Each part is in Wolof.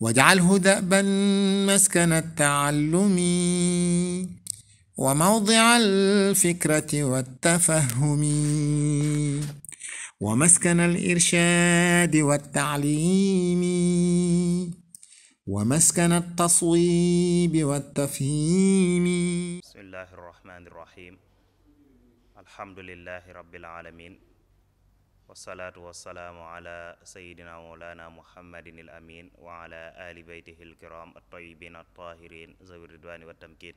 واجعله دأبا مسكن التعلم وموضع الفكرة والتفهم ومسكن الإرشاد والتعليم ومسكن التصويب والتفهيم بسم الله الرحمن الرحيم الحمد لله رب العالمين wasalaatu wasalaamu ala sayidina mawlana amin wa ala ali beytihi l kiram at-tayyibin at wa tamkin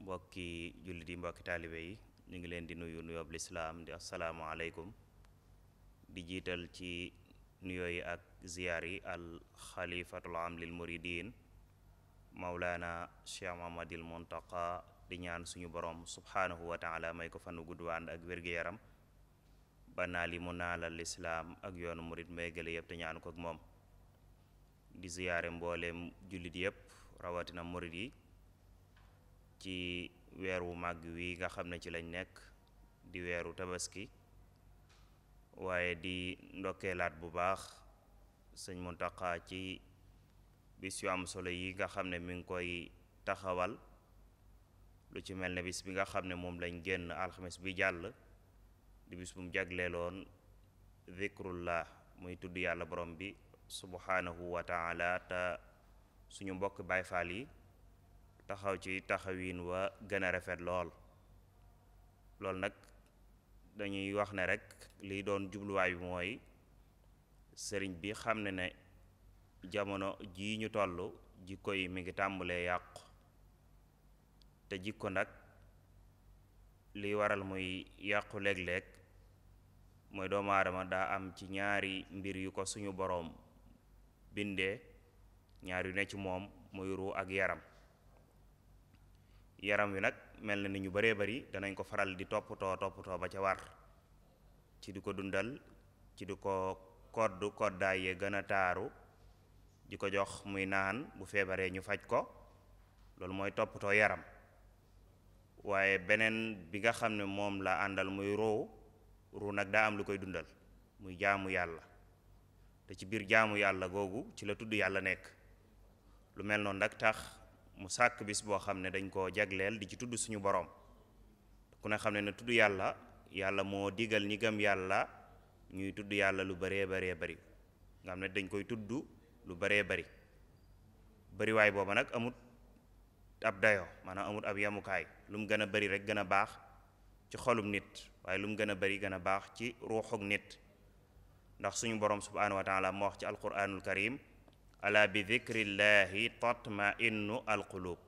mbokki jullit yi mbokki taalibe yi ñu ngi leen di nuyu nuyoob lislaam di assalaamu aleykum di jiital ci nuyoo yi ak ziyaar yi al xalifatul am lil muridin mawlana cheikh mahamadil muntaqa di ñaan suñu borom subhaanahu wa taala may ko fanu gudd ànd ak wér yaram ba naal yi mu naalal lislaam ak yoonu morit mu eggale yëpp te ñaan ko moom di ziyaare mbooleem jullit yëpp rawatina morit yi ci weer wu màgg wi nga xam ne ci lañ nekk di weeru tabaski waaye di ndokkeelaat bu baax sëñ Muntaxa ci bis yu am solo yi nga xam ne mi ngi koy taxawal lu ci mel ne bis bi nga xam ne moom lañ génn alxames bi jàll di bis bu mu jagleeloon zikrullah muy tudd yàlla borom bi subhanahu wa taala te suñu mbokk baay faal yi taxaw ci taxawin wa gën a rafet lool loolu nag dañuy wax ne rekk liy doon jubluwaay bi mooy sëriñ bi xam ne ne jamono ji ñu tollu jikko yi mi ngi tàmbalee yàqu te jikko nag liy waral muy yàqu léeg-léeg mooy doomu aadama daa am ci ñaari mbir yu ko suñu boroom bindee ñaar yu ne ci moom muy ruu ak yaram yaram wi nag mel na ni ñu baree bari danañ ko faral di toppatoo toppatoo ba ca war ci di ko dundal ci di ko koddu koddaay yee gën a taaru di ko jox muy naan bu feebaree ñu faj ko loolu mooy toppatoo yaram waaye beneen bi nga xam ne moom la àndal muy ruu ru nag daa am lu koy dundal muy jaamu yàlla te ci biir jaamu yàlla googu ci la tudd yàlla nekk lu mel noonu nag tax mu sàkk bis boo xam ne dañ koo jagleel di ci tudd suñu borom ku ne xam ne na tudd yàlla yàlla moo digal ñi yàlla ñuy tudd yàlla lu baree baree bari nga xam ne dañ koy tudd lu baree bari bariwaay booba nag amut ab dayoo maanaam amut ab yamukaay lu mu gën a bari rek gën a baax ci xolum nit waaye lu mu gën a bari gën a baax ci ruuxuk nit ndax suñu borom subhaanahu wa taala moo wax ci alquranul karim ala bi dhikrillahi tatma innu alqulub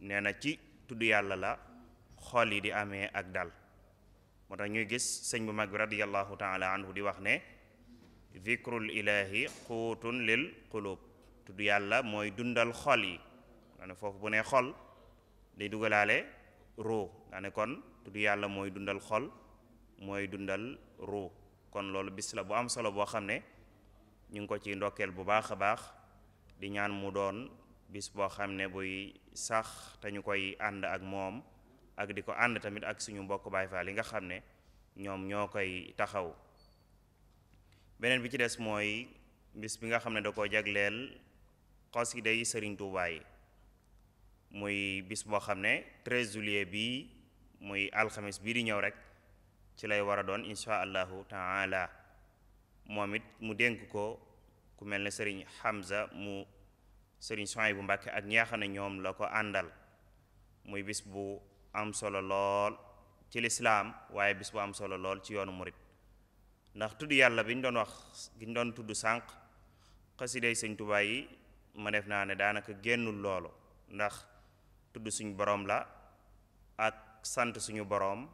nee na ci tudd yàlla la xol yi di amee ak dal moo tax ñuy gis sëñ bu mag bi radiallahu taala anhu di wax ne dhikrul ilahi quutun lil qulub tudd yàlla mooy dundal xol yi nga ne foofu bu ne xol day dugalaale ruu nga kon tudd yàlla mooy dundal xol mooy dundal ruu kon loolu bis la bu am solo boo xam ne ñu ngi ko ci ndokkeel bu baax a baax di ñaan mu doon bis boo xam ne buy sax te ñu koy ànd ak moom ak di ko ànd tamit ak suñu mbokk Baay Faal li nga xam ne ñoom ñoo koy taxaw beneen bi ci des mooy bis bi nga xam ne da koo jagleel xasida yi Sëriñ Tuubaa muy bis boo xam ne 13 juillet bii muy alxamis bii di ñëw rek ci lay war a doon insha allahu taala moom it mu dénk ko ku mel ne sëriñ Hamza mu sëriñ soy bu Mbàkke ak ñi ne ñoom la ko àndal muy bis bu am solo lool ci lislaam waaye bis bu am solo lool ci yoonu murit ndax tudd yàlla bi ñu doon wax bi ñu doon tudd sànq xasiday sëñ Tuubaa yi ma def naa ne daanaka génnul loolu ndax tudd suñ borom la ak sant suñu boroom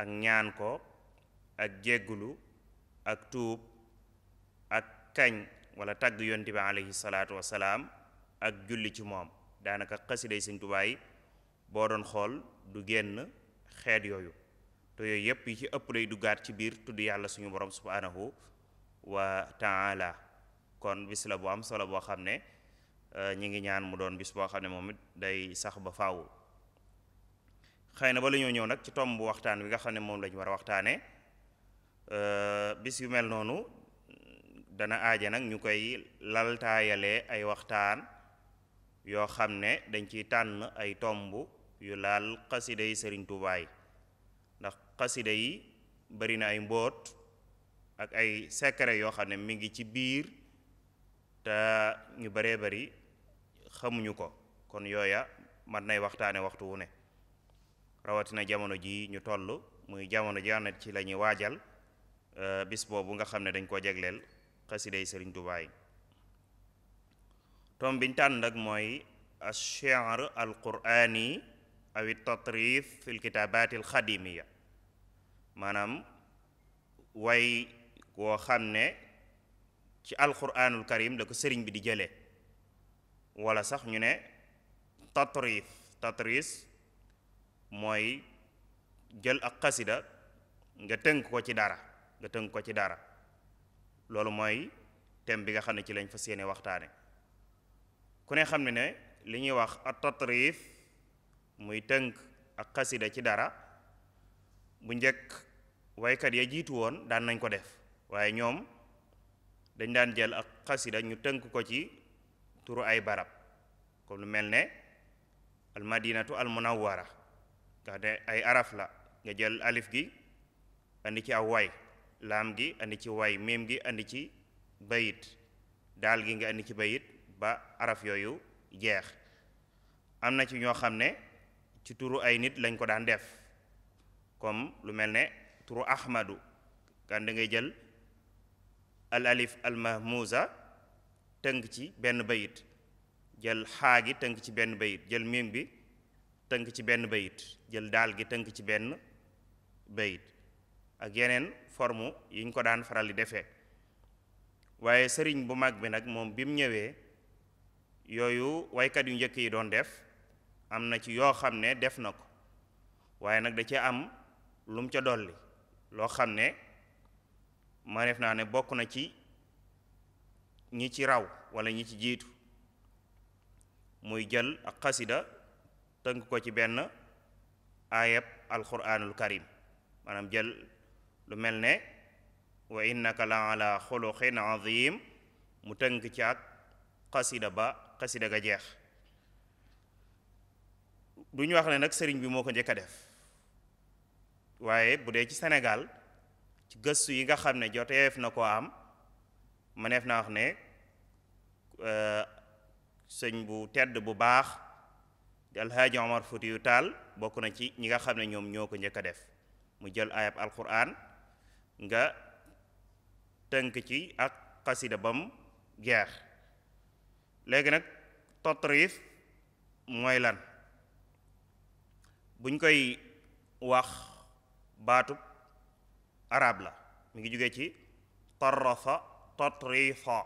ak ñaan ko ak jéggulu ak tuub ak kañ wala tagg yonte bi aleyhi salaatu ak julli ci moom daanaka xasiday Sëñ Tuubaa yi boo doon xool du génn xeet yooyu te yooyu yépp yi ci ëpp lay duggaat ci biir tudd yàlla suñu borom subhaanahu wa taala kon bis la bu am solo boo xam ne euh, ñi ngi ñaan mu doon bis boo xam ne moom it day sax ba faaw xëy na ba la ñoo ñëw nag ci tomb waxtaan wi nga xam ne moom la war a waxtaanee euh, bis yu mel noonu dana aaja nag ñu koy laltaayalee ay waxtaan yoo xam ne dañ ci tànn ay tomb yu laal xasida yi sëriñ ndax xasida yi bari na ay mbóot ak ay secret yoo xam ne mi ngi ci biir te ñu baree bari xamuñu ko kon yooya man nay waxtaane waxtu wu ne rawatina jamono ji ñu toll muy jamono ji ànd ci lañuy ñuy waajal euh, bis boobu nga xam ne dañ ko jegleel xasiday sëriñ Tuubaa yi tom biñ tànn nag mooy ash-shi'r al-qur'ani aw at-tatrif fi al maanaam way woo xam ne ci alquranul karim da ko sëriñ bi di jële wala sax ñu ne tatrif tatris mooy jël ak xasida nga tënk ko ci dara nga tënk ko ci dara loolu mooy thème bi nga xam ne ci lañ fa séene waxtaane ku ne xam ne ne li ñuy wax at tatrif muy tënk ak xasida ci dara bu njëkk waykat ya jiitu woon daan nañ ko def waaye ñoom dañ daan jël ak xasida ñu tënk ko ci turu ay barab comme lu mel ne almadinatu almunawwara nga xam ay araf la nga jël alif gi andi ci aw way laam gi andi ci way miim gi andi ci bayit daal gi nga andi ci bayit ba araf yooyu jeex am na ci ñoo xam ne ci turu ay nit lañ ko daan def comme lu mel ne turu ahmadu kan da jël al alif al mahmuza tënk ci benn bayit jël xaa gi tënk ci benn bayit jël miim bi tënk ci benn bayit jël daal gi tënk ci benn bayit ak yeneen forme yi ñu ko daan faral di defee waaye sëriñ bu mag bi nag moom bi mu ñëwee yooyu waykat yu njëkk yi doon def am na ci yoo xam ne def na ko waaye nag da ci am lu mu ca dolli loo xam ne ma def naa ne bokk na ci ñi ci raw wala ñi ci jiitu muy jël ak xasida tënk ko ci benn ayab alquranul karim maanaam jël lu mel ne wa innaka la ala xuluqin azim mu tënk ci ak xasida ba xasida ga jeex du ñu wax ne nag sëriñ bi moo ko njëkk def waaye bu dee ci senegal ci gëstu yi nga xam ne joteef na ko am mëneef naa wax ne euh, sëñ bu tedd bu baax te alhaaji omar futi yu taal bokk na ci ñi nga xam ne ñoom ñoo ko njëkk a def mu jël ayab alquran nga tënk ci ak xasida bam jeex léegi nag totrif mooy lan buñ koy wax baatub arab la mu ngi jógee ci tarrafa totrifa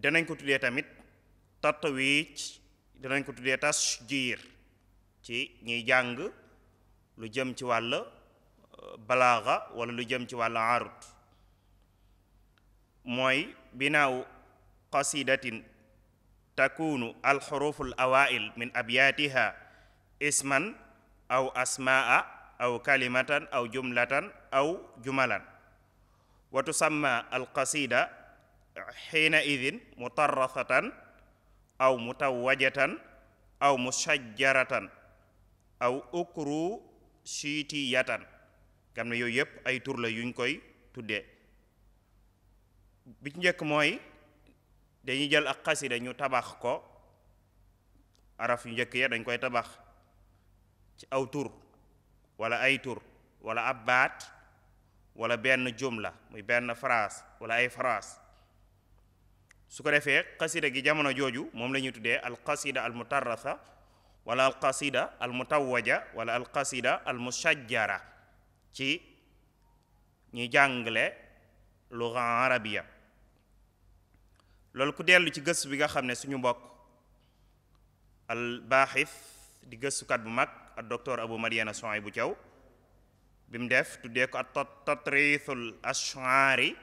danañ ko tuddee tamit tatwiic dinañ ko tuddee tasjiir ci ñuy jàng lu jëm ci walla euh, balaaga wala lu jëm ci wàll arut mooy binaaw qasidatin takunu alxurufu al awail min abyaatiha isman aw asmaa aw kalimatan aw jumlatan aw jumalan wa tusamma alqasida xiina idin mutarrasatan aw mu taw wajatan aw musajjaratan aw ukru siitiyatan xam ne yooyu yëpp ay tur la yuñ koy tuddee bi ci njëkk mooy dañuy jël ak xasida dañu tabax ko araf yu njëkk ya dañ koy tabax ci aw tur wala ay tur walla ab baat wala benn la muy benn phrase wala ay phrase su ko defee xasida gi jamono jooju moom la ñuy tuddee alqasida al mutarrasa wala alqasida al mutawwaja wala alqasida al mushajjara ci ñuy jàngale luga arabiya loolu ku dellu ci gëstu bi nga xam ne suñu mbokk al baaxif di gëstukat bu mag ak docteur Abu Madiana Souhaïbou Thiaw bi mu def tuddee ko at tatriithul ash'ari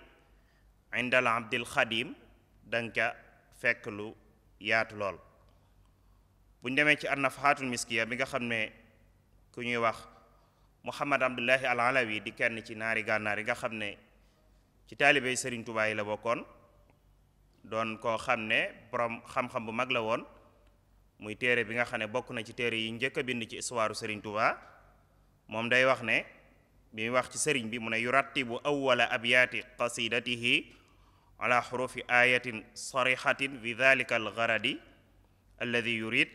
inda al abdil xadim danga fekk lu yaatu lool buñ demee ci annafahaatul miskiya bi nga xam ne ku ñuy wax Muhammad Abdullahi al di kenn ci naari gànnaar yi nga xam ne ci taalibey Sëriñ Tuubaa yi la bokkoon doon koo xam ne borom xam-xam bu mag la woon muy téere bi nga xam ne bokk na ci téere yi njëkk a bind ci istuwaaru Sëriñ Tuubaa moom day wax ne bi wax ci sëriñ bi mu ne yurattibu awwala abyaati qasidatihi ala xurufi ayatin sarixatin bi dalika algaradi alladi yurid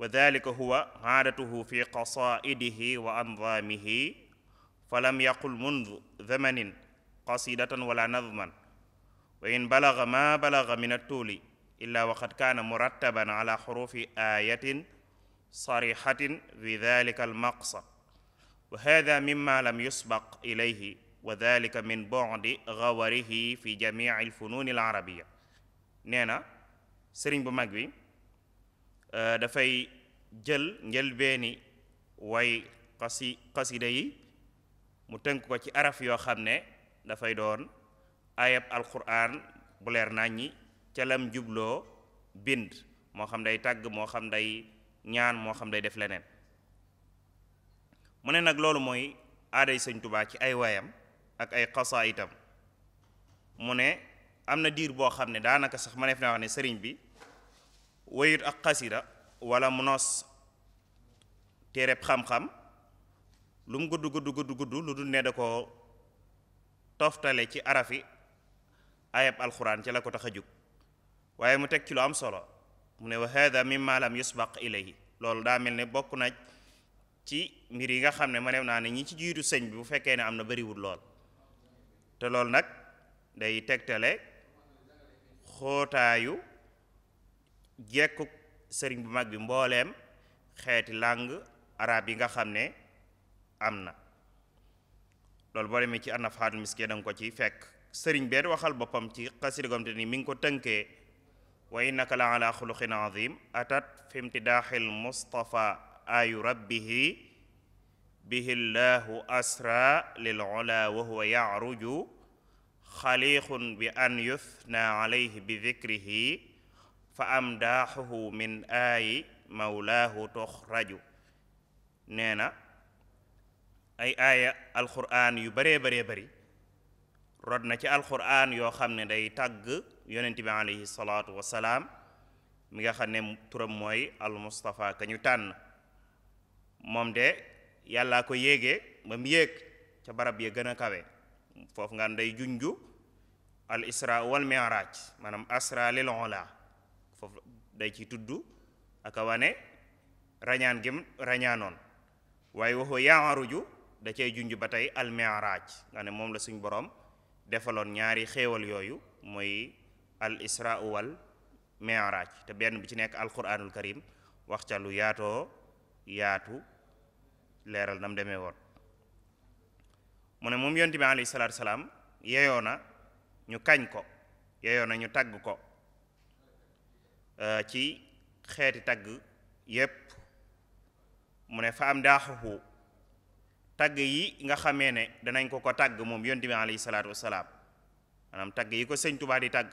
wa dalika huwa aadatuhu fi qasaidihi wa andaamihi falam yaqul mundu zamanin qasidatan wala nazman wa in balaga ma balaga min attuuli illa waqad kaana murattaban ala xurufi ayatin sarixatin bi dalika almaqsad wa hada mima lam yusbaq ilayhi wa dalika min bodi gawarihi fi jamii alfunuuni alarabia nee na sëriñ bu mag bi euh, dafay jël njëlbeeni way xasi xasida yi mu tënk ko ci araf yoo xam ne dafay doon ayab alquran bu leer nàññi ca jubloo bind moo xam day tàgg moo xam day ñaan moo xam day def leneen mu ne nag loolu mooy aaday sëñ tubaa ci ay wayam ak ay xasaa itam mu ne am na diir boo xam ne daanaka sax ma neef naa wax ne sëriñ bi wayut ak xasida wala mu noos téereb xam-xam lu mu gudd gudd gudd gudd lu dul ne da ko toftale ci arafi ayab alxuraan ci la ko tax a jóg waaye mu teg ci lu am solo mu ne wa hada mimma lam yusbaq ilayhi loolu daa mel ne bokk na ci mbir yi nga xam ne ma ne naa ne ñi ci jiitu sëñ bi bu fekkee ne am na bariwul lool te loolu nag day tegtale xootaayu jekku sëriñ bu mag bi mbooleem xeeti làng araab yi nga xam ne am na loolu boo demee ci anafaatul miskee da nga ko ci fekk sëriñ benn waxal boppam ci xasidagom te ni mi ngi ko tënkee wa innaka la ala xuluqin azim atat fi imtidaaxil mustafa ayu rabbihi bihi llahu asra lil ula wa huwa yacruju xaliixun bi an yuthna alayhi mawlaahu tuxraju nee na ay aaya alxuraan yu bare baree bari rod na ci alxuraan yoo xam ne day tàgg yonent bi alayhi salaatu wasalaam mi nga xam ne turam mooy almustapha ka ñu tànn moom de yàllaa ko yéege ba mu yéeg ca barab ya gën a kawe foofu nga day junju al isra wal mi'raj maanaam asra la ula foofu day ci tudd aka wane rañaan gim rañaanoon waaye waxu yaaruju da cay junj ba tey al mi'raj nga ne moom la suñ boroom defaloon ñaari xéewal yooyu mooy al isra wal te benn bi ci nekk alquranul karim wax ca lu yaatoo yaatu leeral na mu demee woon mu ne moom yonte bi alayhi salaatu salaam yeyoo na ñu kañ ko yeyoo na ñu tagg ko euh, ci xeeti tagg yépp mu ne fa am daaxuhu tagg yi nga xamee ne danañ ko ko tagg moom yonte bi alayhi salaatu wasalaam maanaam tagg yi ko sëñ Tuubaa di tagg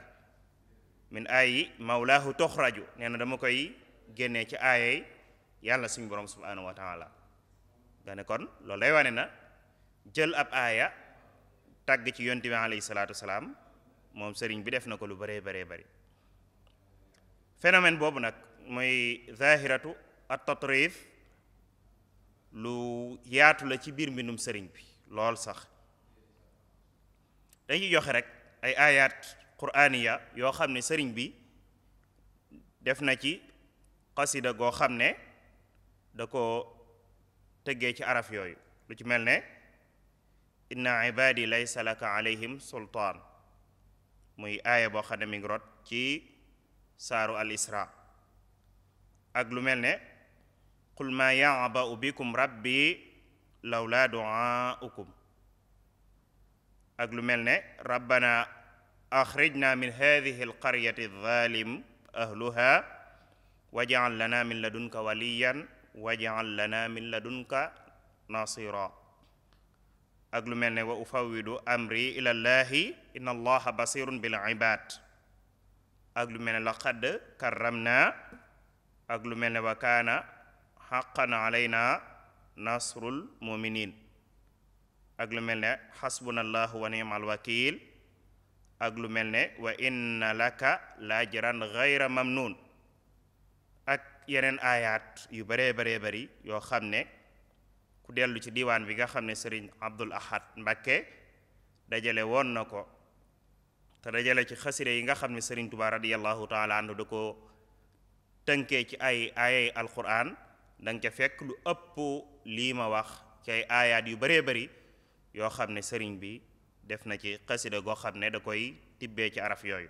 min aay yi tox toxraju nee na dama koy génnee ci aayey yàlla suñu borom subhaanahu wa taala nga ne kon loolu day wane na jël ab aaya tàgg ci yonti bi alayhi salaatu salaam moom sëriñ bi def na ko lu bëree bëree bëri phénomène boobu nag mooy zahiratu at lu yaatu la ci biir mbindum sëriñ bi lool sax dañuy joxe rek ay ayat quraaniya yoo xam ne sëriñ bi def na ci xasida goo xam ne da ko tëggee ci araf yooyu lu ci mel ne inna ibadi laysa laka alayhim sultaan muy aaya boo mi rot ci saaru al isra ak lu mel ne qul ma ya'ba'u bikum rabbi lawla du'aukum ak lu mel ne rabbana axrijna min hadihi alqaryati adh ahluha waj'al lana min ladunka waliyan waj'al lana min ladunka nasira ak lu mel ne wa amri ila inna allaha basirun bil ibad ak lu mel ne laqad karramna ak lu mel ne wa kaana haqqan alayna nasrul muminin mel ne xasbunallahu wa ni'mal wakil lu mel ne wa mamnun yeneen aayaat yu baree baree bari yoo xam ne ku dellu ci diwaan bi nga xam ne sëriñ Abdul Ahad mbakke dajale woon na ko te dajale ci xasida yi nga xam ne sëriñ Tuubaa radiyallahu taala anhu da ko tënkee ci ay aayay alquran da ca fekk lu ëpp lii ma wax ci ayaat yu baree bari yoo xam ne sëriñ bi def na ci xasida goo xam ne da koy tibbee ci araf yooyu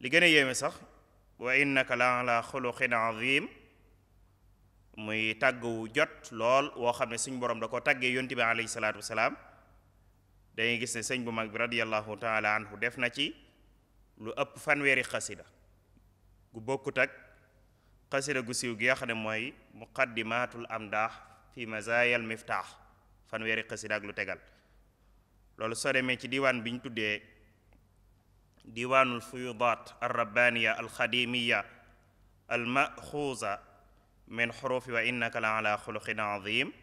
li gën a yéeme sax wa innaka la ala xuluqin azim muy tàgguwu jot lool woo xam ne suñ borom da koo tàggee yonti bi alayhi salaatu wasalaam dangay gis ne sëñ bu mag bi radiallahu taala def na ci lu ëpp fanweeri xasida gu bokkut ak xasida gu siiw gi ne mooy muqaddimatul amdaax fi mazayal miftaax fanweeri xasida ak lu tegal loolu soo demee ci diwaan bi ñu tuddee diiwaanul fuyudaat alrabbaaniya alxadimiya almaxuusa min xurufi wa innaka la ala xuluqin azim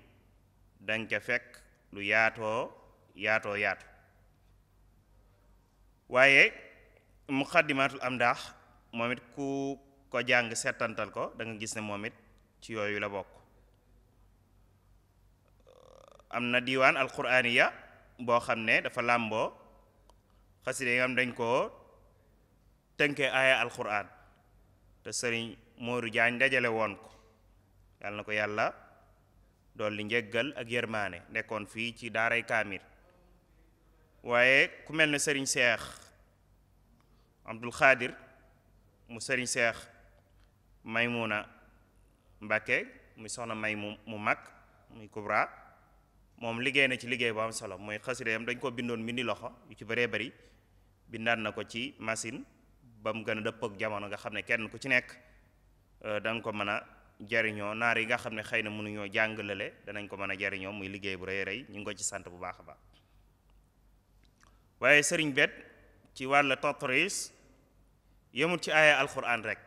dañ ca fekk lu yaatoo yaatoo yaatu waaye muqaddimatul amdaax moom it ku ko jàng settantal ko danga gis ne moom it ci yooyu la bokk am na diiwaan alquraaniya boo xam ne dafa làmboo xasida yi nga xam dañ koo tënke aaya alquran te sëriñ Moodu Jaañ dajale woon ko yàlla na ko yàlla dool li njëggal ak yërmaane nekkoon fii ci daaray kaamil waaye ku mel ne sëriñ seex abdul xaadir mu sëriñ seex maymuna mbàkke muy soxna may mu mu mag muy kubra moom liggéey na ci liggéey bu am solo mooy xasida yam dañ koo bindoon mbindi loxo yu ci bëree bari bindaat na ko ci machine ba mu gën a dëpp ak jamono nga xam ne kenn ku ci nekk euh, danga ko mën a jariñoo naar yi nga xam ne xëy na mënuñoo jàngalale danañ ko mën a jariñoo muy liggéey bu rëy rëy ñu ngi ko ci sant bu baax a baax waaye sëriñ bet ci wàll totoris yëmul ci aaya alxuraan rek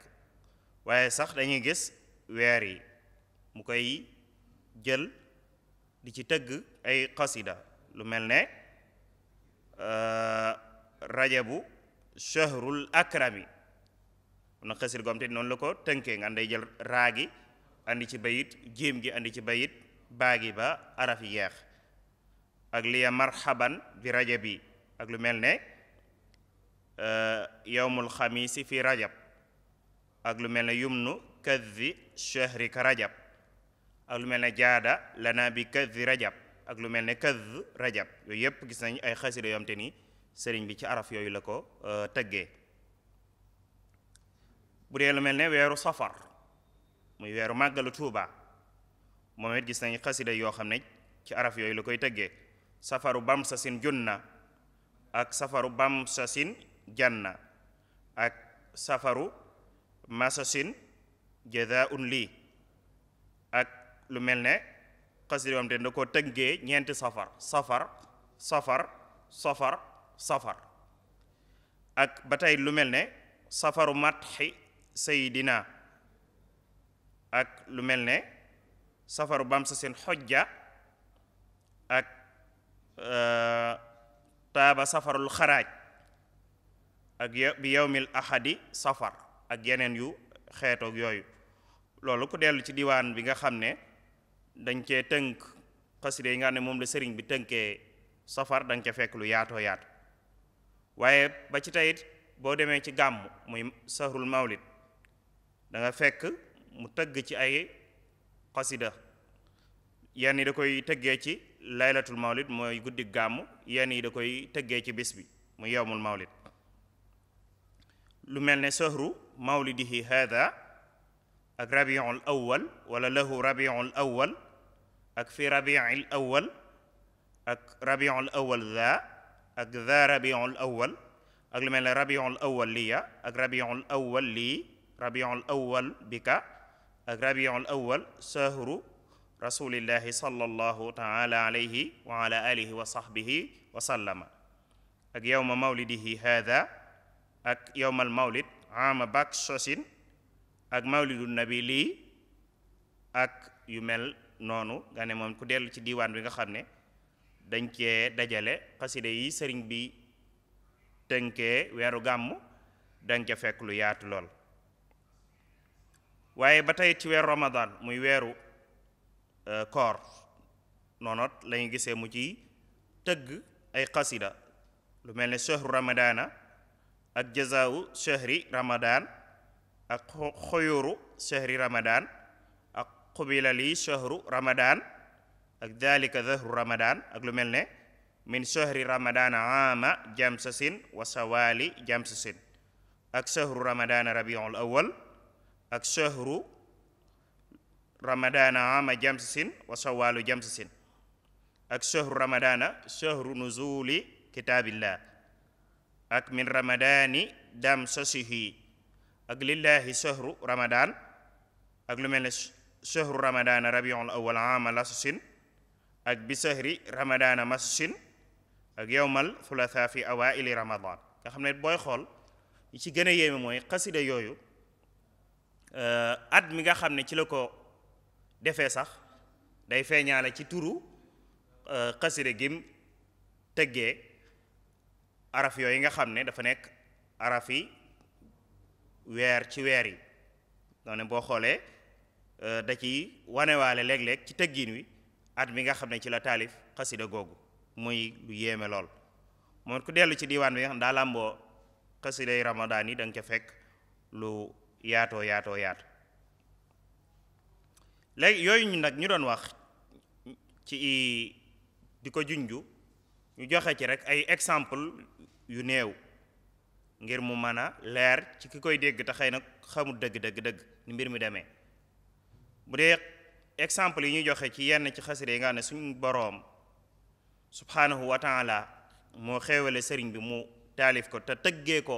waaye sax dañuy gis weer yi mu koy jël di ci tëgg ay xasida lu mel ne euh, rajabu shahrul akrami na xasir gom te noonu la ko tënkee nga day jël raa gi ci bayit jéem gi andi ci bayit baagi ba araf yeex ak liya marhaban bi rajabi ak lu mel ne euh, yowmul xamiisi fi ak lu mel ne yumnu kaddi shahri ka rajab ak lu mel ne jaada lana bi kaddi rajab ak lu mel ne kaddi rajab yooyu yépp gis nañu ay xasida yom nii sëriñ bi ci araf yooyu la ko euh, tëggee bu dee lu mel ne weeru safar muy weeru màggalu tuuba moom it gis nañ xasida yoo xam ne ci araf yooyu la koy tëggee safaru bam sa sin ak safaru bam sa sin janna ak safaru masasin jazaun lii ak lu mel ne xasida yoo xam te da ko tëggee ñeenti safar safar safar safar ak ba tey lu mel ne safaru matxi saydina ak lu mel ne safaru bamsa seen xojja ak euh, taaba safarul xaraaj ak bi yowmil ahadi safar ak yeneen yu xeetoog yooyu loolu ku dellu ci diwaan bi nga xam ne dañ cee tënk xaside yi nga xam ne moom la sëriñ bi tënkee safar dañ ca fekk lu yaatoo yaatu waaye ba ci teyit boo demee ci gàmm muy sahrul mawlid da fekk mu tëgg ci ay xasida yenn yi da koy tëggee ci laylatul mawlid mooy guddi gàmm yenn yi da koy tëggee ci bis bi mu yowmul mawlid lu mel ni ne sahru mawlidihi hada ak rabiul awwal wala lahu rabiul awwal ak fi rabiil awwal ak rabiul awwal daa ak za rabiul awal ak lu mel ne rabiul awal liya ak rabiul awal lii rabiul awal bika ak rabiul awal sahru rasulillahi sallallahu taala alayhi wa ala alihi wa sahbihi wa sallama ak yowma mawlidihi haada ak yowmal mawlid ama bak sosin ak mawlidu nabi lii ak yu mel noonu nga ne moom ku dellu ci diiwaan bi nga xam ne dañ cee dajale xasida yi sëriñ bi tënkee weeru gàmm dañ ca fekk lu yaatu lool waaye ba tey ci weeru ramadan muy weeru e, koor noonot lañu gisee mu ci tëgg ay xasida lu mel ni shahru ramadaana ak jazaawu shahri ramadan ak xoyooru shahri ramadan ak xubilali shahru ramadan ak dalika dahru ramadan ak lu mel ne min shahri ramadana ama jamsasin wa sawali jamsasin ak shahru ramadana rabiul awal ak shahru ramadana ama jamsasin wa sawalu jamsasin ak shahru ramadana shahru nuzuli kitaabillah ak min ramadani damsasihi ak lillahi shahru ramadan ak lu mel ne shahru ramadana rabiul awal ama lasasin ak bi sahri ramadaana massin ak yowmal thulatha fi awaili ramadan nga xam ne booy xool yi ci gën a yéeme mooy xasida yooyu eh, at mi nga xam ne ci la ko defee sax day feeñaale ci turu eh, xasida gim tëggee araf yooyu nga xam ne dafa nekk araf weer ci weer yi ne boo xoolee eh, da ci wanewaale léeg-léeg ci tëggin wi at mi nga xam ne ci la taalif xasida googu muy lu yéeme lool moom ku dellu ci diiwaan bi nga xam daa làmboo xasiday ramadaan yi da ca fekk lu yaatoo yaatoo yaat léegi yooyu ñu nag ñu doon wax ci di ko junju ñu joxe ci rek ay exemple yu néew ngir mu mën a leer ci ki koy dégg te xëy na dëgg dëgg dëgg ni mbir mi demee bu dee exemple yi ñu joxe ci yenn ci xasida yi nga xam ne suñu boroom subhaanahu wa taala moo xeewale sëriñ bi mu taalif ko te tëggee ko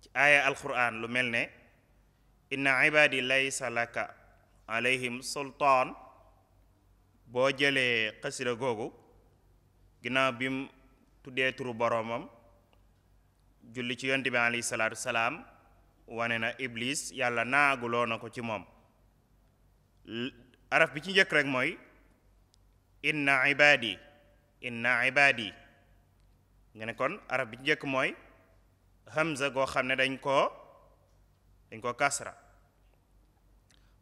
ci aaya alquran lu mel ne inna ibaadi laysa laka alayhim sultaan boo jëlee xasida googu ginnaaw bi tuddee turu boroomam julli ci yonte bi alayhi salaatu salaam wane na ibliis yàlla naaguloo na ko ci moom araf bi ci njëkk rek mooy inna ibadi inna ibadi nga ne kon araf bi ci njëkk mooy hamza goo xam ne dañ koo dañ koo kasra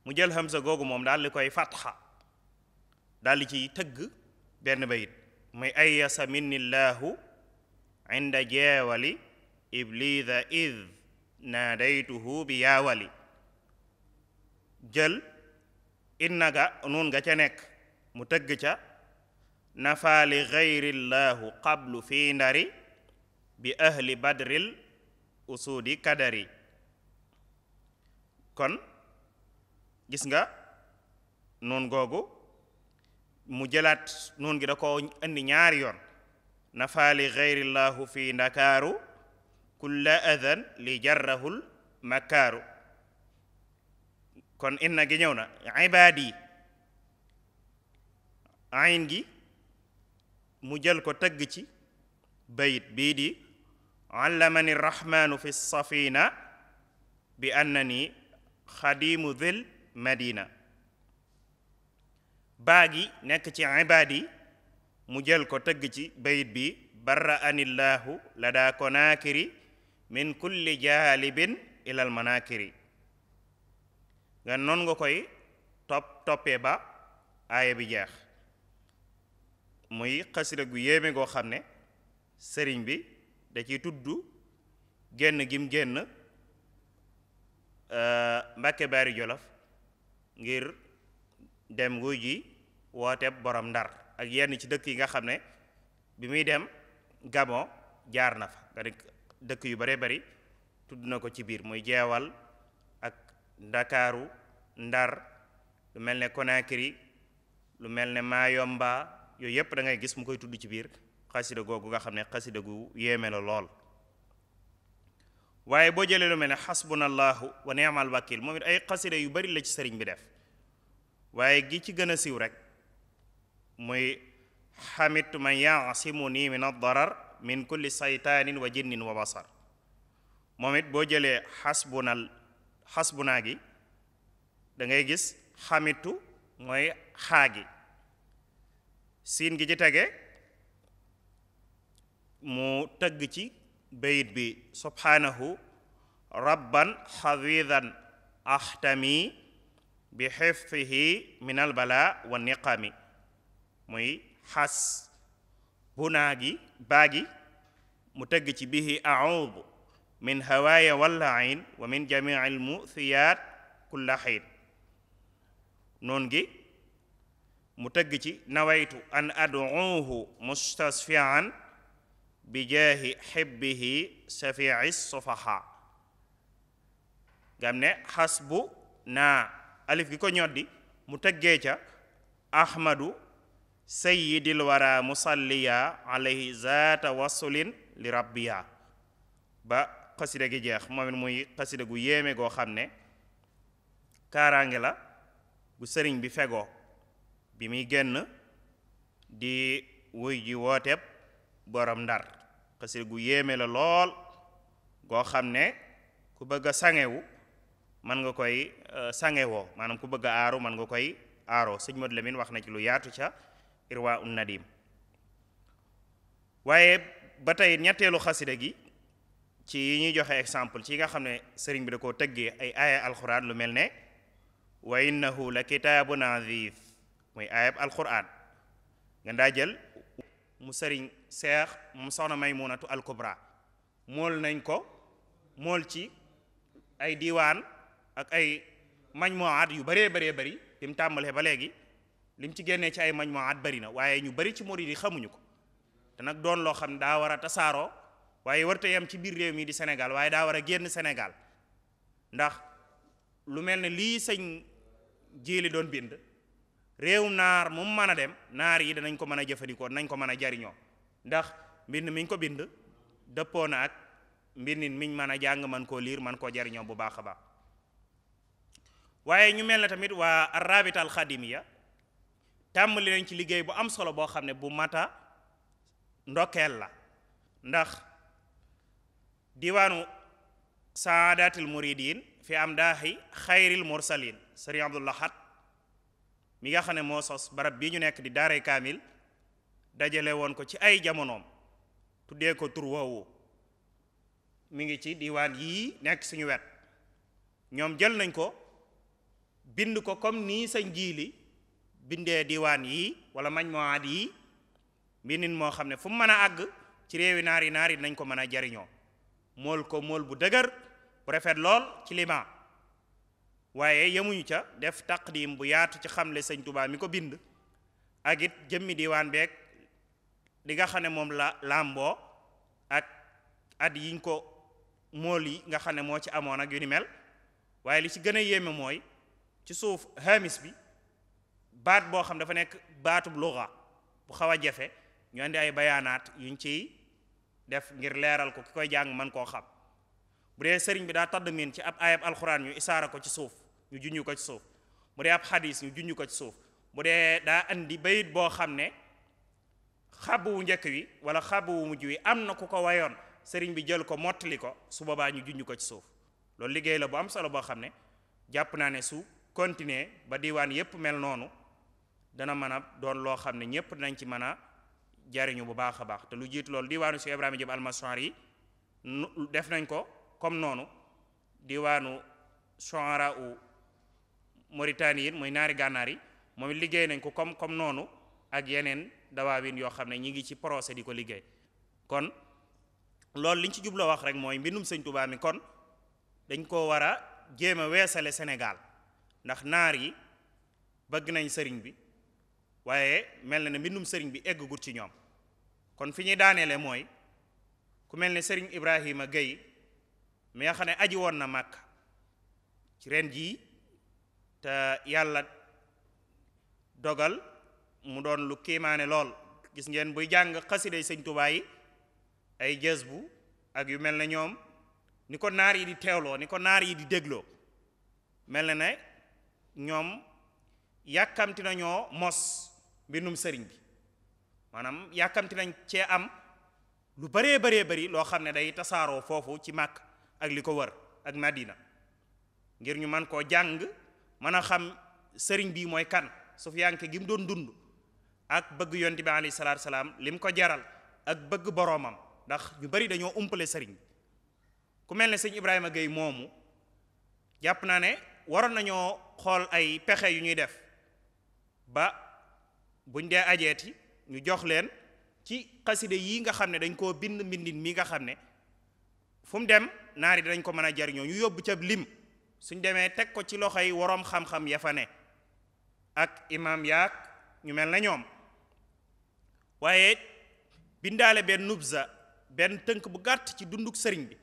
mu jël hamza googu moom dal di koy fatxa daal di ciy tëgg benn bayit mooy ayasa minnillahu inda jeewali iblisa id naadaytuhu bi yaawali jël innaga nuun nga ca nekk mu tëgg ca nafa li gayrillaahu qablu fii ndari bi ahli badril usuudi kadari kon gis nga nuun googu mu jëlaat nun gi da ko indi ñaari yoon nafa li gayrillaahu fii ndakaaru kulla adan li jarrahul makkaaru kon inna gi ñëw na ibaadi gi mu jël ko tëgg ci bayit bii di allamani rahmaanu fi safina bi annani xadimu dhil madina baa gi nekk ci ibaadi mu jël ko tëgg ci bayit bi barra'ani llaahu la daa konaakiri min kulli jaalibin ilal manaakiri nga noonu nga koy topp toppee ba aaya bi jeex muy xasida gu yéeme goo xam ne sëriñ bi da ciy tudd génn gim génn euh, Mbàkke Baari Jolof ngir dem wuy ji wooteeb borom Ndar ak yenn ci dëkk yi nga xam ne bi muy dem Gabon jaar na fa nga dëkk yu bare bari tudd na ko ci biir muy jeewal ndakaaru ndar lu mel ne Conakry lu mel ne Mayomba yooyu yépp dangay gis mu koy tudd ci biir xasida googu nga xam ne xasida gu yéeme la lool waaye boo jëlee lu mel ne xasbunallahu wa ni'mal wakil moom it ay xasida yu bari la ci sëriñ bi def waaye gi ci gën a siiw rek muy xamit man yaasimu nii min addarar min kulli saytaanin wa jinnin wa basar moom it boo jëlee xasbunal xas bu xasbunaa gi dangay gis xamitu mooy xaa siin gi ci tege mu tëgg ci bayit bi subhaanahu rabban xafidan axtami bi xifdihi min albala wa niqami muy xas bunaa gi baa mu tëgg ci bihi audu min hawaaya walla ayn wa min jamiil muthiyaat kulla xayn noon gi mu tëgg ci nawaytu an aduuhu mustasfian bi jaahi xibbihi safii sofaha gam ne xasbu naa alif gi ko ñoddi mu tëggee ca ahmadu sayyidil wara musalliya alayhi zaata wasulin li rabbiya xasida gi jeex moom it muy xasida gu yéeme goo xam ne kaaraange la gu sëriñ bi fegoo bi muy génn di wuy ji wooteeb borom ndar xasida gu yéeme la lool goo xam ne ku bëgg sangewu mën nga koy euh, sangewoo maanaam ku bëgg a aaru mën nga koy aaroo sëñ Modou Lamine wax na ci lu yaatu ca irwa un nadim waaye ba tey ñetteelu xasida gi ci yi ñuy joxe exemple ci yi nga xam ne sëriñ bi da koo tëggee ay aaya alxuraan lu mel ne wa innahu la kitaabun aziz muy aayab alxuraan nga daa jël mu sëriñ seex mu soxna may maymunatu alkobra mool nañ ko mool ci ay diiwaan ak ay mañ majmuwaat yu baree baree bari bi mu tàmbalee ba léegi lim ci génnee ci ay mañ at bari na waaye ñu bari ci murid yi xamuñu ko te nag doon loo xam daa war a tasaaroo waaye warta yam ci biir réew mii di Sénégal waaye daa war a génn Sénégal ndax lu mel ni lii sëñ jéeli doon bind réew naar mu mën a dem naar yi danañ ko mën a jëfandikoo nañ ko mën a jariñoo ndax mbind miñ ko bind dëppoo na ak mbindin miñ mën a jàng man koo liir man koo jariñoo bu baax a baax waaye ñu mel ne tamit waa arabita alxadimiya tàmbali nañ ci liggéey bu am solo boo xam ne bu mata ndokkeel la ndax diwaanu saadatil muridin fi am daaxi xayril mursalin sëriñ Abdul Ahad mi nga xam ne moo sos barab bi ñu nekk di daaray kaamil dajale woon ko ci ay jamonoom tuddee ko tur woowu mu ngi ci diwaan yii nekk suñu wet ñoom jël nañ ko bind ko comme nii sa njiili bindee diwaan yii wala mañ moo aat yii mbindin moo xam ne fu mën a àgg ci réewi naari naari nañ ko mën a jariñoo mool ko mool bu dëgër bu rafet lool ci lima waaye yemuñu ca def taqdim bu yaatu ci xamle sañ tubaa mi ko bind ak it jëmmi diwaan beeg li nga xam ne moom la làmboo ak at yiñ ko mool yi nga xam ne moo ci amoon ak yu ni mel waaye li ci gën a yéeme mooy ci suuf hamis bi baat boo xam dafa nekk baatub luga bu xaw a jafe ñoo andi ay bayaanaat yuñ ciy def ngir leeral ko ki koy jàng man koo xam bu dee sëriñ bi daa taddamin ci ab ayab alxuraan ñu isaara ko ci suuf ñu junj ko ci suuf mu dee ab xadis ñu junj ko ci suuf bu dee daa andi bayit boo xam ne xàbb wu njëkk wi wala xàbb wu mujj wi am na ku ko wayoon sëriñ bi jël ko mottali ko su boobaa ñu junj ko ci suuf loolu liggéey la bu am solo boo xam ne jàpp naa ne su continuer ba diwaan yépp mel noonu dana mën a doon loo xam ne ñépp dinañ ci mën a jariñu bu baax a baax te lu jiit loolu diwaanu si Ibrahima Diop almasuwaar yi def nañ ko comme noonu diwaanu soara u Mauritanie yi muy naari gànnaar yi mooy liggéey nañ ko comme comme noonu ak yeneen dawaawin yoo xam ne ñi ngi ci procès di ko liggéey kon loolu liñ ci jubloo wax rek mooy mbindum sëñ Tuubaa mi kon dañ ko war a jéem a weesale senegal ndax naar yi bëgg nañ sëriñ bi waaye mel na ne mbindum sëriñ bi eggagut ci ñoom kon fi ñuy daaneele mooy ku mel ne sëriñ Ibrahima Guèye mi nga xam ne aji woon na màkk ci ren jii te yàlla dogal mu doon lu kéemaane lool gis ngeen buy jàng xasiday sëñ Tuubaa ay jës bu ak yu mel ne ñoom ni ko naar yi di teewloo ni ko naar yi di dégloo mel na ne ñoom yàkkamti nañoo mos mbindum sëriñ bi maanaam yàkkamti nañ cee am lu bëree bëree bari loo xam ne day tasaaroo foofu ci màkk ak li ko wër ak madina ngir ñu man koo jàng mën a xam sëriñ bi mooy kan sufiyanke gi mu doon dund ak bëgg yonent bi alayhi salaatu salaam lim ko jaral ak bëgg boroomam ndax ñu bari dañoo umpale sëriñ bi ku mel ni sëñ Ibrahima géey moomu jàpp naa ne waroon nañoo xool ay pexe yu ñuy def ba buñ dee ajeeti ñu jox leen ci xaside yii nga xam ne dañ koo bind mbindin mii nga xam ne fu mu dem naar yi dañ ko mën a jariñoo ñu yóbbu ca lim suñ demee teg ko ci loxo yi waroom xam-xam ya fa ne ak imaam yaak ñu mel na ñoom waaye bindaale benn nubza benn tënk bu gàtt ci dunduk sëriñ bi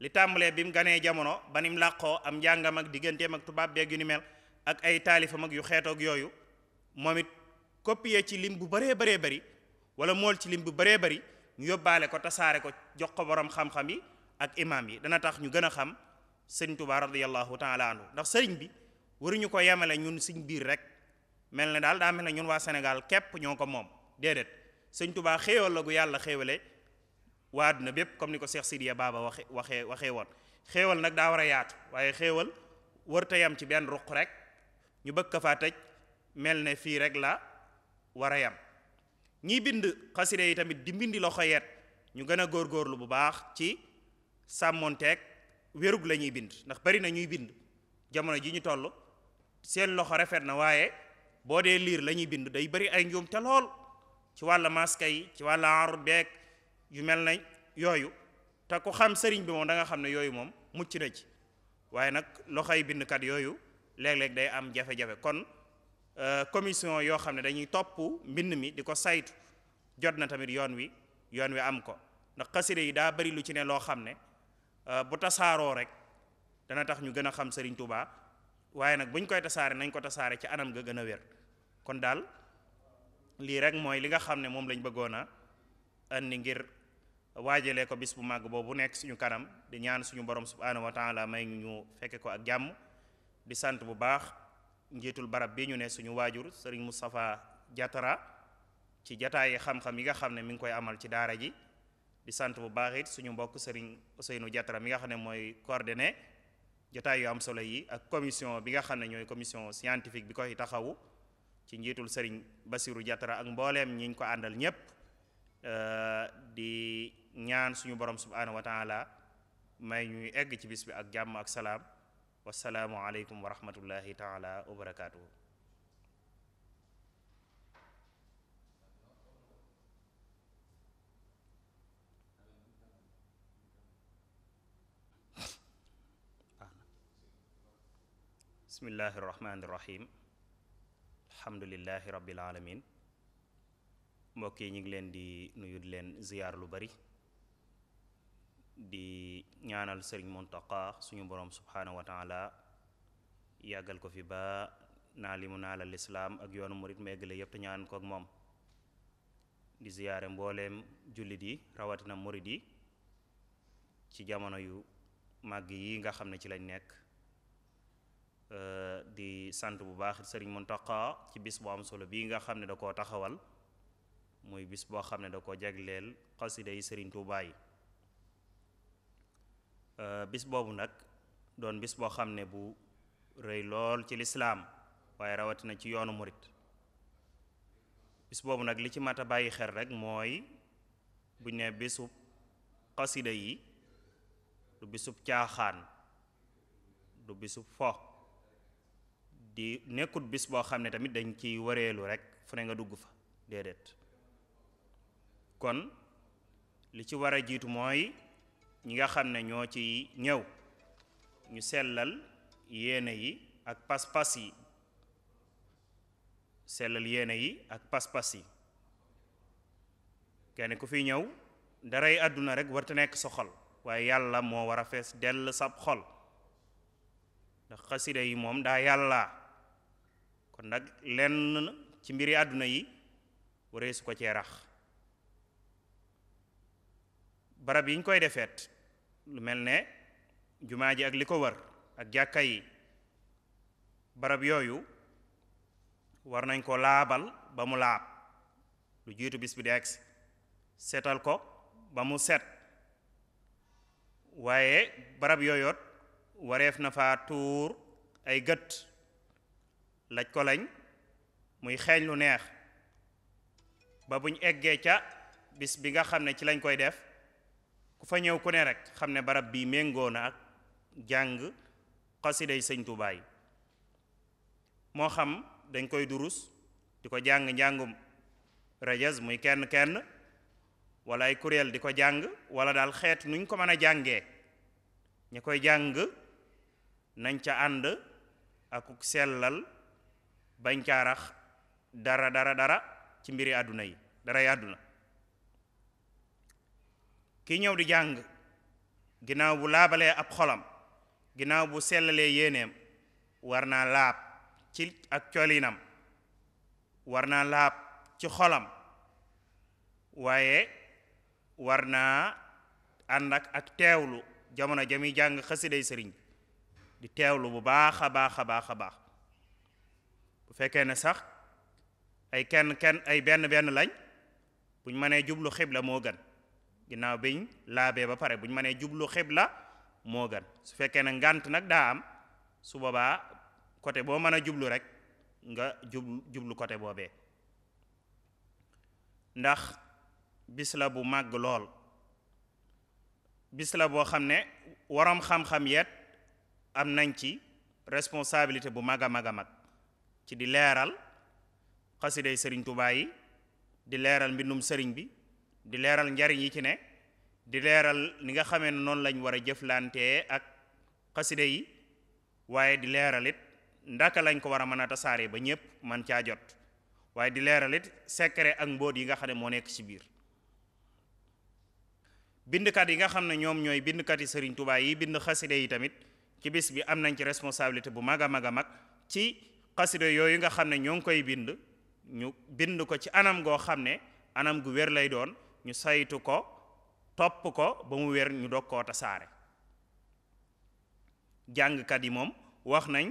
li tàmbalee bi mu ganee jamono ba ni mu làqoo am njàngam ak digganteem ak tubaab beeg yu ni mel ak ay taalifam ak yu xeetoog yooyu moom it copier ci lim bu baree baree bari wala mool ci lim bu baree bari ñu yóbbaale ko tasaare ko jox ko borom xam-xam yi ak imaam yi dana tax ñu gën a xam sëriñ Tuubaa radiyallahu taala anhu ndax sëriñ bi waruñu ko yemale ñun suñ biir rek mel ne daal daa mel ne ñun waa senegal képp ñoo ko moom déedéet sëñ Tuubaa xéewal la yàlla xéewale waa àdduna bépp comme ni ko Cheikh Sidiya Baba waxe waxee waxee woon xeewal nag daa war a yaatu waaye xéewal wër yam ci benn ruq rek ñu bëgg ko fii la war a yam ñiy bind xasida yi tamit di mbindi loxo yeet ñu gën a góorlu bu baax ci sàmmonteeg wérug lañuy bind ndax bari na ñuy bind jamono ji ñu toll seen loxo rafet na waaye boo dee liir lañuy bind day bari ay njuum te lool ci wàlla maska yi ci wàlla arut beeg yu mel na yooyu te ku xam sëriñ bi moom da xam ne yooyu moom mucc na ci waaye nag loxoy bindkat yooyu léeg-léeg day am jafe-jafe kon Euh, commission yoo xam ne dañuy topp mbind mi di ko saytu jot na tamit yoon wi yoon wi am ko ndax xasida yi daa bari lu ci ne loo xam ne euh, bu tasaaroo rek dana tax ñu gën a xam Serigne Touba waaye nag buñ koy tasaare nañ ko tasaare ci anam ga gën a wér kon daal lii rek mooy li nga xam ne moom lañ bëggoon a andi ngir waajalee ko bis bu màgg boobu nekk suñu kanam di ñaan suñu borom subhaanahu wa taala may ñu fekke ko ak jàmm di sant bu baax. njiitul barab bi ñu ne suñu waajur sëriñ Moustapha Diatara ci jataayi xam-xam yi nga xam ne mi ngi koy amal ci daara ji di sant bu baaxit suñu mbokk sëriñ Ousseynou Diatara mi nga xam ne mooy coordonné jataay yu am solo yi ak commission bi nga xam ne ñooy commission scientifique bi koy taxawu ci njiitul sëriñ Basiru Diatara ak mbooleem ñi ñu ko àndal ñépp euh, di ñaan suñu borom subhaanahu wa taala may ñuy egg ci bis bi ak jàmm ak salaam wasalaamu aleykum wa rahmatullahi wa barakaatuhu bismillahi rahmaani rahim alhamdulilahi rabbil alamin mbokk yi ñu leen di nuyu leen ziyaar lu bari di ñaanal sëriñ Mountakha suñu borom subhaanahu wa yàggal ko fi ba naa li mu lislaam ak yoonu murit meegale yëpp te ñaan ko ak moom di ziyaare mbooleem jullit yi rawatina murit yi ci jamono yu màgg yi nga xam ne ci lañ nekk di sant bu baax sëriñ Mountakha ci bis bu am solo bii nga xam ne da koo taxawal muy bis boo xam ne da koo jagleel xasida yi sëriñ Tuubaa Euh, bis boobu nag doon bis boo xam ne bu rëy lool ci lislaam waaye rawatina ci yoonu murit bis boobu nag li ci mat a bàyyi xel rek mooy buñ ñu ne bisub xasida yi du bisub caaxaan du bisub fo di nekkut bis boo xam ne tamit dañ ciy wareelu rek fu ne nga dugg fa déedéet kon li ci war a jiitu mooy ñi nga xam ne ñoo ci ñëw ñu sellal yéene yi ak pas-pas yi sellal yéene yi ak pas-pas yi kenn ku fi ñëw daray àdduna rek warta nekk sa xol waaye yàlla moo war a fees dell sab xol ndax xasida yi moom daa yàlla kon nag lenn ci mbiri àdduna yi wareesu ko cee rax barab yi ñu koy defeet lu mel ne jumaa ji ak li ko wër ak jàkka yi barab yooyu war nañ ko laabal ba mu laab lu jiitu bis bi di agsi seetal ko ba mu set waaye barab yooyoot wareef na faa tuur ay gët laj ko lañ muy xeeñ lu neex ba buñ eggee ca bis bi nga xam ne ci lañ koy def ku fa ñëw ku ne rek xam ne barab bii méngoo na ak jàng xasiday sëñ Tuubaa yi moo xam dañ koy durus di ko jàng njàngum rajas muy kenn kenn walla ay kuréel di ko jàng wala daal xeet ñu ko mën a jàngee ñi koy jàng nañ ca ànd akuk sellal bañ caarax dara dara dara ci mbiri àdduna yi daray àdduna ki ñëw di jàng ginnaaw bu laabalee ab xolam ginnaaw bu sellalee yéeneem war naa laab ci ak colinam war naa laab ci xolam waaye war naa ànd ak ak teewlu jamono jami jàng xasiday sëriñ di teewlu bu baax a baax a baax a baax bu fekkee ne sax ay kenn kenn ay benn benn lañ buñ mënee jublu xibla moo gën ginnaaw bi laabee ba pare bu ñu mënee jublu xibla moo gën su fekkee ne ngànt nag daa am su boobaa côté boo mën a jublu rek nga jublu jublu côté boobee ndax bis la bu màgg lool bis la boo xam ne waroom xam-xam yet am nañ ci responsabilité bu mag a mag a mag ci di leeral xasiday sëriñ Tuubaa yi di leeral mbindum sëriñ bi di leeral njariñ yi ci ne di leeral ni nga xamee ne noonu lañ war a jëflantee ak xaside yi waaye di leeral it ndaka lañ ko war a mën a tasaare ba ñëpp man caa jot waaye di leeral it secret ak mbóot yi nga xam ne moo nekk ci biir bindkat yi nga xam ne ñoom ñooy bindkat yi Sëriñ Tuubaa yi bind xaside yi tamit ci bis bi am nañ ci responsabilité bu mag a mag a mag ci xaside yooyu nga xam ne ñoo ngi koy bind ñu bind ko ci anam goo xam ne anam gu wér lay doon ñu saytu ko topp ko ba mu wér ñu dog koo tasaare jàngkat yi moom wax nañ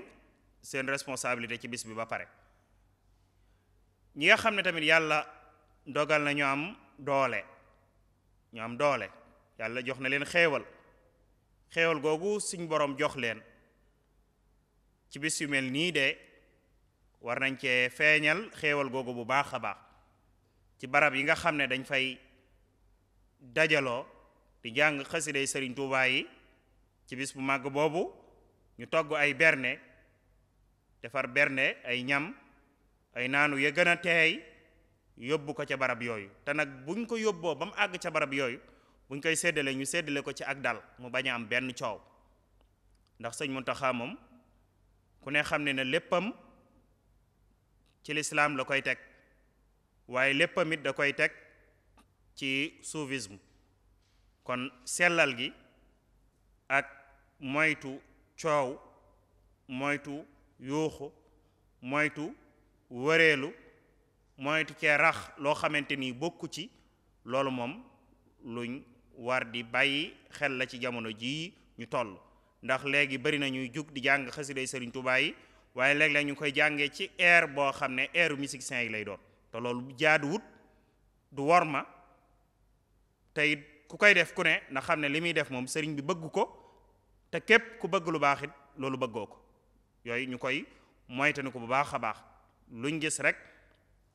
seen responsabilité ci bis bi ba pare ñi nga xam ne tamit yàlla dogal na ñu am doole ñu am doole yàlla jox na leen xéewal xéewal googu suñ boroom jox leen ci bis yu mel nii de war nañ cee feeñal xéewal googu bu baax a baax ci barab yi nga xam ne dañ fay dajaloo di jàng xasiday sëriñ Tuubaa yi ci bis bu màgg boobu ñu togg ay berne defar berne ay ñam ay naanu ya gën a teey yóbbu ko ca barab yooyu te nag buñ ko yóbboo ba mu àgg ca barab yooyu buñ koy séddale ñu seddale ko ci ak dal mu bañ a am benn coow ndax sëñ Muntaxa moom ku ne xam ne ne léppam ci lislaam la koy teg waaye léppam da koy teg ci soufisme kon sellal gi ak moytu coow moytu yuuxu moytu wëreelu moytu cee rax loo xamante ni bokku ci loolu moom luñ war di bàyyi xel la ci jamono ji ñu toll ndax léegi bari na ñuy jug di jàng day Sëriñ Tuubaa yi waaye léeg-léeg ñu koy jàngee ci air boo xam ne airu musicien yi lay doon te loolu jaaduwut du worma tey ku koy def ku ne na xam ne li muy def moom sëriñ bi bëgg ko te képp ku bëgg lu baaxit loolu bëggoo ko yooyu ñu koy moytanu ko bu baax a baax luñ gis rek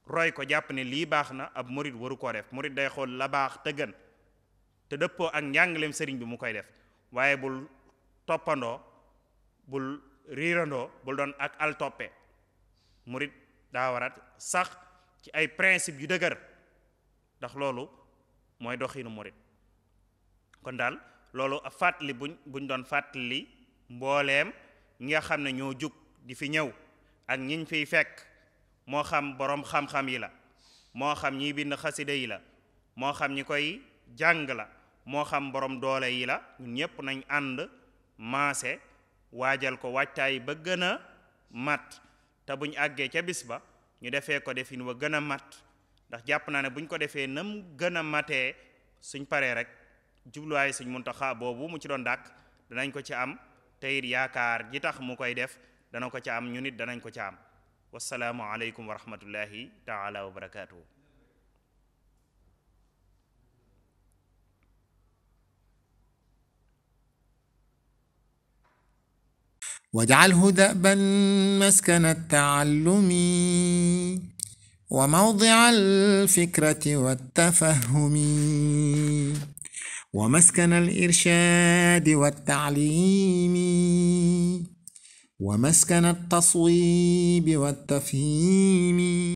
roy ko jàpp ne lii baax na ab murit waru koo def murit day xool la baax te te dëppoo ak njàngaleem sëriñ bi mu koy def waaye bul toppandoo bul riirandoo bul doon ak al toppe murit daa warat sax ci ay principe yu dëgër ndax loolu mooy doxinu murit kon daal loolu fàttali bu buñ doon fàttali mbooleem ñi nga xam ne ñoo jug di fi ñëw ak ñiñ fiy fekk moo xam boroom xam-xam yi la moo xam ñiy bind xasida yi la moo xam ñi koy jàng la moo xam borom doole yi la ñun ñépp nañ ànd maase waajal ko waajtaay ba gën a mat te bu ñu àggee ca bis ba ñu defee ko defin wa gën a mat ndax jàpp naa ne buñ ko defee nam gën a matee suñ paree rek jubluwaay suñ muntaxa boobu mu ci doon dàkk danañ ko ci am teyit yaakaar ji tax mu koy def dana ko ci am ñu nit danañ ko ci am wasalaamu aleykum wa rahmatullahi wa barakaatuhu واجعله دأبا مسكن التعلم وموضع الفكرة والتفهم ومسكن الإرشاد والتعليم ومسكن التصويب والتفهيم